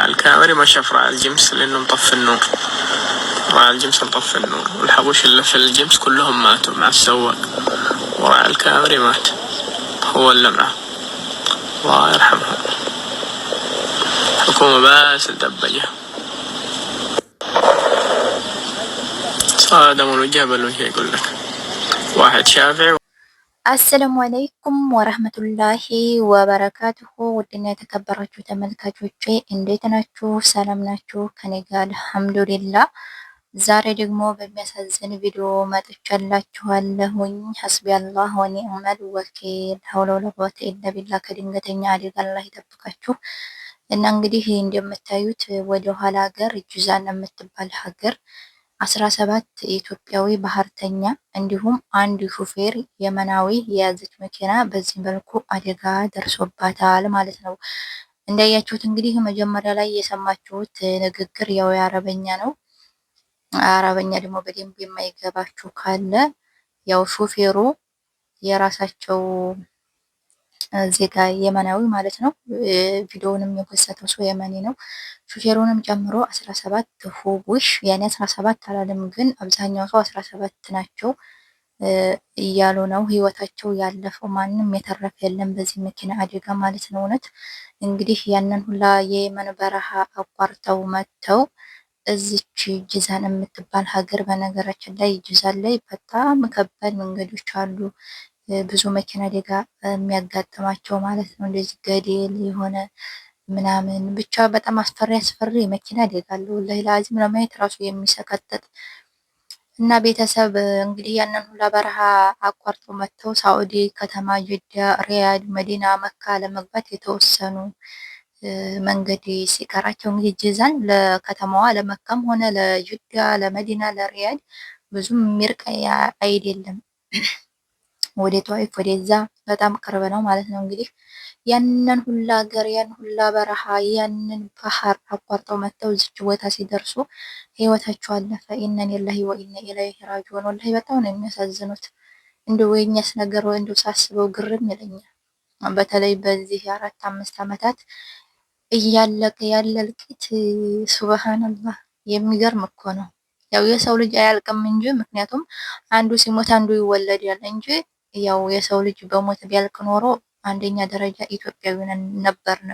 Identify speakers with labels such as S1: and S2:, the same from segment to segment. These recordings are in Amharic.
S1: راعي الكاميرا ما شاف راعي الجمس لأنه مطفي النور راعي الجمس مطفي النور والحبوش اللي في الجمس كلهم ماتوا مع السواق وراعي الكاميرا مات هو اللي معه الله يرحمه الحكومة بس الدبجة صادم الوجه بالوجه يقول لك واحد شافعي
S2: አሰላሙ አለይኩም ወረህመቱላሂ ወበረካቱሁ ውድና የተከበራችሁ ተመልካቾቼ እንዴት ናችሁ? ሰላም ናችሁ? ከኔ ጋር አልሐምዱሊላ። ዛሬ ደግሞ በሚያሳዝን ቪዲዮ መጥቻላችኋለሁኝ። ሀስቢ አላህ ወኒዕመል ወኪል ሀውለውላ ቁወተ ከድንገተኛ አደጋ አላህ ይጠብቃችሁ እና እንግዲህ እንደምታዩት ወደ ኋላ ሀገር ጁዛን የምትባል ሀገር አሥራ ሰባት ኢትዮጵያዊ ባህርተኛ እንዲሁም አንድ ሹፌር የመናዊ የያዘች መኪና በዚህ መልኩ አደጋ ደርሶባታል ማለት ነው። እንዳያችሁት እንግዲህ መጀመሪያ ላይ የሰማችሁት ንግግር ያው የአረበኛ ነው። አረበኛ ደግሞ በደንብ የማይገባችሁ ካለ ያው ሹፌሩ የራሳቸው ዜጋ የመናዊ ማለት ነው። ቪዲዮውንም የፖሰተው ሰው የመኒ ነው። ሹፌሩንም ጨምሮ 17 ሆቦሽ ያኔ 17 አላለም፣ ግን አብዛኛው ሰው 17 ናቸው እያሉ ነው። ህይወታቸው ያለፈው ማንም የተረፈ የለም በዚህ መኪና አደጋ ማለት ነው። እውነት እንግዲህ ያንን ሁላ የየመን በረሃ አቋርጠው መጥተው እዚች ጅዛን የምትባል ሀገር በነገራችን ላይ ጂዛን ላይ በጣም ከባድ መንገዶች አሉ። ብዙ መኪና አደጋ የሚያጋጥማቸው ማለት ነው። እንደዚህ ገደል የሆነ ምናምን ብቻ በጣም አስፈሪ አስፈሪ መኪና አደጋ አለ። ወላሂ ለአዚም ለማየት ራሱ የሚሰቀጥጥ እና ቤተሰብ እንግዲህ ያንን ሁላ በረሃ አቋርጦ መጥተው ሳዑዲ ከተማ ጅዳ፣ ሪያድ፣ መዲና፣ መካ ለመግባት የተወሰኑ መንገድ ሲቀራቸው እንግዲህ ጅዛን ለከተማዋ ለመካም ሆነ ለጅዳ፣ ለመዲና፣ ለሪያድ ብዙም የሚርቅ አይደለም። ወደ ጧይፍ ወደዛ በጣም ቅርብ ነው ማለት ነው። እንግዲህ ያንን ሁላ ሀገር ያን ሁላ በረሃ ያንን ባህር አቋርጠው መጥተው እዚች ቦታ ሲደርሱ ህይወታቸው አለፈ። ኢነን የላሂ ወኢነ ኢለይሂ ራጂዑን። ወላሂ በጣም ነው የሚያሳዝኑት። እንደ ወይኛስ ነገር እንደ ሳስበው ግርም ይለኛል። በተለይ በዚህ የአራት አምስት ዓመታት እያለቀ ያለ እልቂት ሱብሃንአላህ የሚገርም እኮ ነው። ያው የሰው ልጅ አያልቅም እንጂ ምክንያቱም አንዱ ሲሞት አንዱ ይወለዳል እንጂ ያው የሰው ልጅ በሞት ቢያልቅ ኖሮ አንደኛ ደረጃ ኢትዮጵያዊ ነበርን።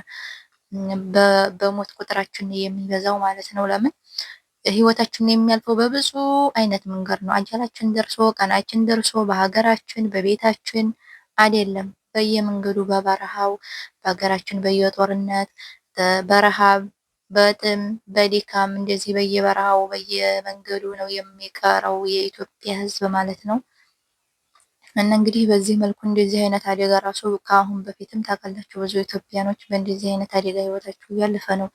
S2: በሞት ቁጥራችን የሚበዛው ማለት ነው። ለምን ህይወታችን የሚያልፈው በብዙ አይነት መንገድ ነው። አጃላችን ደርሶ ቀናችን ደርሶ በሀገራችን በቤታችን አይደለም፣ በየመንገዱ በበረሃው፣ በሀገራችን በየጦርነት በረሃብ በጥም በድካም እንደዚህ በየበረሃው በየመንገዱ ነው የሚቀረው የኢትዮጵያ ህዝብ ማለት ነው። እና እንግዲህ በዚህ መልኩ እንደዚህ አይነት አደጋ ራሱ ከአሁን በፊትም ታውቃላችሁ ብዙ ኢትዮጵያኖች በእንደዚህ አይነት አደጋ ህይወታችሁ እያለፈ ነው።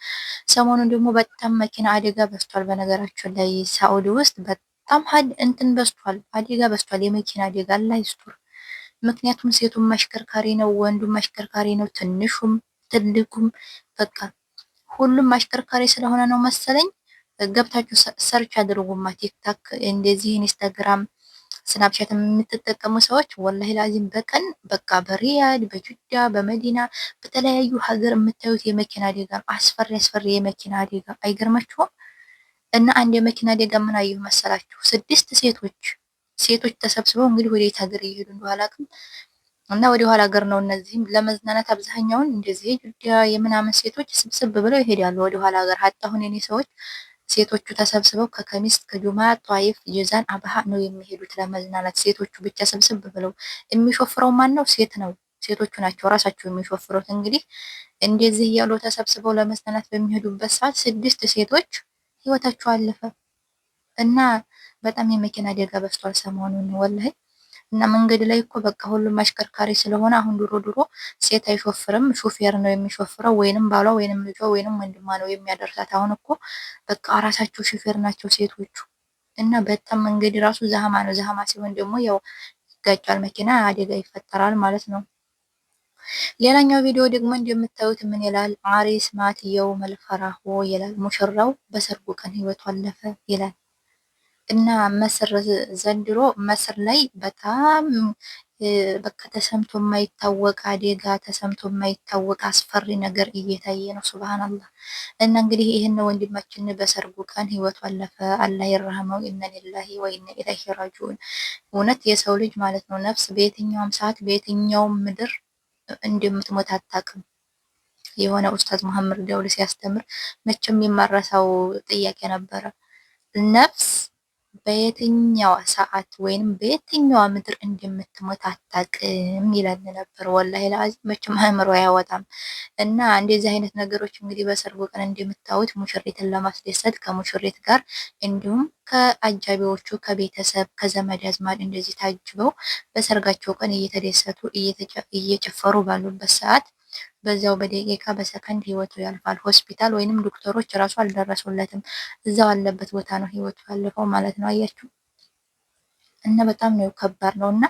S2: ሰሞኑን ደግሞ በጣም መኪና አደጋ በስቷል በነገራችን ላይ ሳኡዲ ውስጥ በጣም እንትን በስቷል፣ አደጋ በስቷል፣ የመኪና አደጋ አላህ ይስጥር። ምክንያቱም ሴቱም አሽከርካሪ ነው፣ ወንዱም አሽከርካሪ ነው፣ ትንሹም ትልቁም በቃ ሁሉም አሽከርካሪ ስለሆነ ነው መሰለኝ። ገብታችሁ ሰርች አድርጉማ ቲክታክ፣ እንደዚህ ኢንስታግራም ስናፕቻት የምትጠቀሙ ሰዎች ወላሂ ላዚም በቀን በቃ በሪያድ በጁዳ በመዲና በተለያዩ ሀገር የምታዩት የመኪና አደጋ ነው። አስፈሪ አስፈሪ የመኪና አደጋ አይገርማችሁም? እና አንድ የመኪና አደጋ ምን አየሁ መሰላችሁ? ስድስት ሴቶች ሴቶች ተሰብስበው እንግዲህ ወደ የት ሀገር እየሄዱ እንደኋላ ግን እና ወደ ኋላ ሀገር ነው። እነዚህም ለመዝናናት አብዛኛውን እንደዚህ ጁዳ የምናምን ሴቶች ስብስብ ብለው ይሄዳሉ ወደ ኋላ ሀገር ሀጣሁን የኔ ሰዎች ሴቶቹ ተሰብስበው ከከሚስ ከጁማ ጠዋይፍ ጀዛን አብሃ ነው የሚሄዱት ለመዝናናት። ሴቶቹ ብቻ ሰብስብ ብለው የሚሾፍረው ማን ነው? ሴት ነው። ሴቶቹ ናቸው ራሳቸው የሚሾፍሩት። እንግዲህ እንደዚህ እያሉ ተሰብስበው ለመዝናናት በሚሄዱበት ሰዓት ስድስት ሴቶች ህይወታቸው አለፈ እና በጣም የመኪና አደጋ በስቷል ሰሞኑን ወላሂ እና መንገድ ላይ እኮ በቃ ሁሉም አሽከርካሪ ስለሆነ አሁን ድሮ ድሮ ሴት አይሾፍርም፣ ሹፌር ነው የሚሾፍረው፣ ወይንም ባሏ ወይንም ልጇ ወይንም ወንድሟ ነው የሚያደርሳት። አሁን እኮ በቃ ራሳቸው ሹፌር ናቸው ሴቶቹ። እና በጣም መንገድ ራሱ ዛህማ ነው። ዛህማ ሲሆን ደግሞ ያው ይጋጫል፣ መኪና አደጋ ይፈጠራል ማለት ነው። ሌላኛው ቪዲዮ ደግሞ እንደምታዩት ምን ይላል? አሬስ ማትየው መልፈራሆ ይላል። ሙሽራው በሰርጉ ቀን ህይወቱ አለፈ ይላል። እና መስር ዘንድሮ መስር ላይ በጣም በቃ ተሰምቶ የማይታወቅ አደጋ ተሰምቶ የማይታወቅ አስፈሪ ነገር እየታየ ነው። ሱብሃንአላህ እና እንግዲህ ይህን ወንድማችን በሰርጉ ቀን ህይወቱ አለፈ። አላህ ይራህመው። ኢነ ሊላሂ ወኢና ኢለይሂ ራጂዑን። እውነት የሰው ልጅ ማለት ነው ነፍስ በየትኛውም ሰዓት በየትኛውም ምድር እንደምትሞት አታውቅም። የሆነ ኡስታዝ መሐመድ ዳውድ ሲያስተምር መቼም የማረሳው ጥያቄ ነበረ ነፍስ በየትኛው ሰዓት ወይንም በየትኛው ምድር እንደምትሞት አታውቅም ይላል ነበር። ወላሂ ለአዚም መቼም አእምሮ አያወጣም። እና እንደዚህ አይነት ነገሮች እንግዲህ በሰርጉ ቀን እንደምታዩት ሙሽሪትን ለማስደሰት ከሙሽሪት ጋር እንዲሁም ከአጃቢዎቹ ከቤተሰብ ከዘመድ አዝማድ እንደዚህ ታጅበው በሰርጋቸው ቀን እየተደሰቱ እየጨፈሩ ባሉበት ሰዓት በዚያው በደቂቃ በሰከንድ ህይወቱ ያልፋል። ሆስፒታል ወይንም ዶክተሮች ራሱ አልደረሱለትም። እዛው አለበት ቦታ ነው ህይወቱ ያለፈው ማለት ነው። አያችሁ። እና በጣም ነው ከባድ ነው እና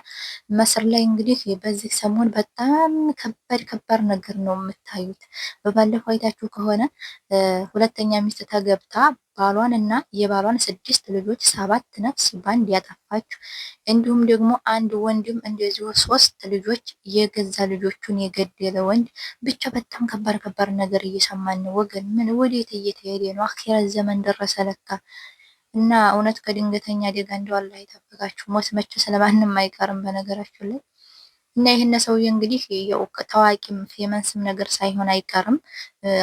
S2: መስር ላይ እንግዲህ በዚህ ሰሞን በጣም ከባድ ከባድ ነገር ነው የምታዩት። በባለፈው አይታችሁ ከሆነ ሁለተኛ ሚስት ተገብታ ባሏን እና የባሏን ስድስት ልጆች ሰባት ነፍስ ባንድ ያጠፋችሁ፣ እንዲሁም ደግሞ አንድ ወንድም እንደዚሁ ሶስት ልጆች የገዛ ልጆቹን የገደለ ወንድ። ብቻ በጣም ከባድ ከባድ ነገር እየሰማን ወገን። ምን ወዴት እየተሄደ ነው? አኼራ ዘመን ደረሰ ለካ። እና እውነት ከድንገተኛ አደጋ እንደው አላህ ይጠብቃችሁ። ሞት መቼ ስለማንም አይቀርም በነገራችሁ ላይ እና ይህን ሰውዬ እንግዲህ ታዋቂም ፌመንስም ነገር ሳይሆን አይቀርም።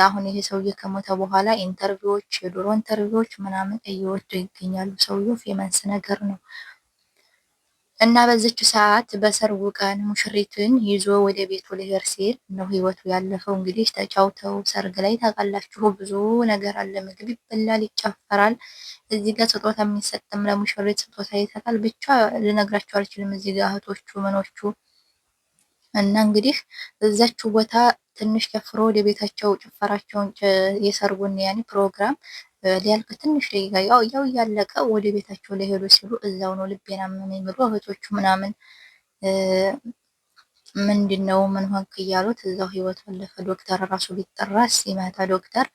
S2: አሁን ይሄ ሰውዬ ከሞተ በኋላ ኢንተርቪዎች፣ የድሮ ኢንተርቪዎች ምናምን እየወጡ ይገኛሉ። ሰውዬው ፌመንስ ነገር ነው። እና በዚች ሰዓት በሰርጉ ቀን ሙሽሪትን ይዞ ወደ ቤቱ ሊሄድ ሲል ነው ህይወቱ ያለፈው። እንግዲህ ተጫውተው ሰርግ ላይ ታውቃላችሁ፣ ብዙ ነገር አለ። ምግብ ይበላል፣ ይጨፈራል። እዚህ ጋር ስጦታ የሚሰጥም ለሙሽሪት ስጦታ ይሰጣል። ብቻ ልነግራችሁ አልችልም። እዚህ ጋር እህቶቹ ምኖቹ እና እንግዲህ እዛችሁ ቦታ ትንሽ ጨፍሮ ወደ ቤታቸው ጭፈራቸውን የሰርጉን ያኔ ፕሮግራም ሊያልቅ ትንሽ ደቂቃ ያው ያው እያለቀ ወደ ቤታቸው ሊሄዱ ሲሉ እዛው ነው ልቤን አመመኝ ብሎ እህቶቹ ምናምን ምንድን ነው ምን ሆንክ እያሉት እዛው ህይወቱ አለፈ። ዶክተር ራሱ ሊጠራ ሲመታ ዶክተር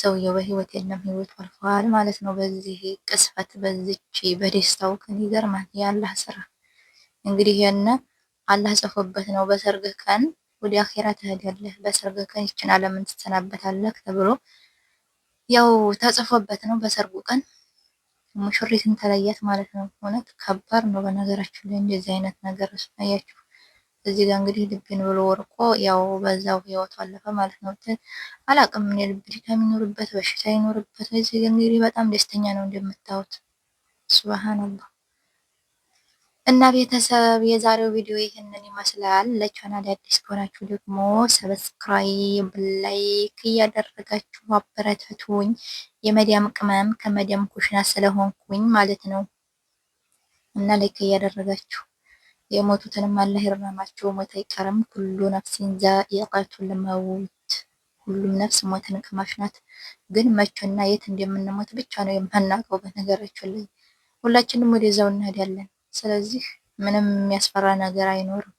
S2: ሰውየው በህይወት የለም ህይወቱ አልፏል ማለት ነው። በዚህ ቅስፈት በዚች በደስታው ቀን ይገርማል የአላህ ስራ። እንግዲህ ያነ አላህ ጽፎበት ነው በሰርግህ ቀን ወደ አኼራ ትሄዳለህ፣ በሰርግህ ቀን ይችን ዓለምን ትሰናበታለህ ተብሎ ያው ተጽፎበት ነው በሰርጉ ቀን ሙሽሪትን ተለያት ማለት ነው። እውነት ከባድ ነው። በነገራችን ላይ እንደዚህ አይነት ነገር ስናያችሁ እዚህ ጋር እንግዲህ ልብን ብሎ ወርቆ ያው በዛው ህይወቱ አለፈ ማለት ነው። አላቅም ምን ልብ ድካም ይኖርበት በሽታ ይኖርበት። እዚህ ጋር እንግዲህ በጣም ደስተኛ ነው እንደምታዩት። ሱብሃንአላህ እና ቤተሰብ የዛሬው ቪዲዮ ይህንን ስላል ለቻና አዲስ ከሆናችሁ ደግሞ ሰብስክራይብ፣ ላይክ እያደረጋችሁ አበረታቱኝ። የመዲያም ቅመም ከመዲያም ኩሽና ስለሆንኩኝ ማለት ነው እና ላይክ እያደረጋችሁ የሞቱትንም አላህ ይርህማቸው። ሞት አይቀርም። ሁሉ ነፍሲን ዛኢቀቱል መውት፣ ሁሉም ነፍስ ሞትን ቀማሽ ናት። ግን መቼና የት እንደምንሞት ብቻ ነው የማናውቀው። በነገራችን ላይ ሁላችንም ወደዛው እንሄዳለን። ስለዚህ ምንም የሚያስፈራ ነገር አይኖርም።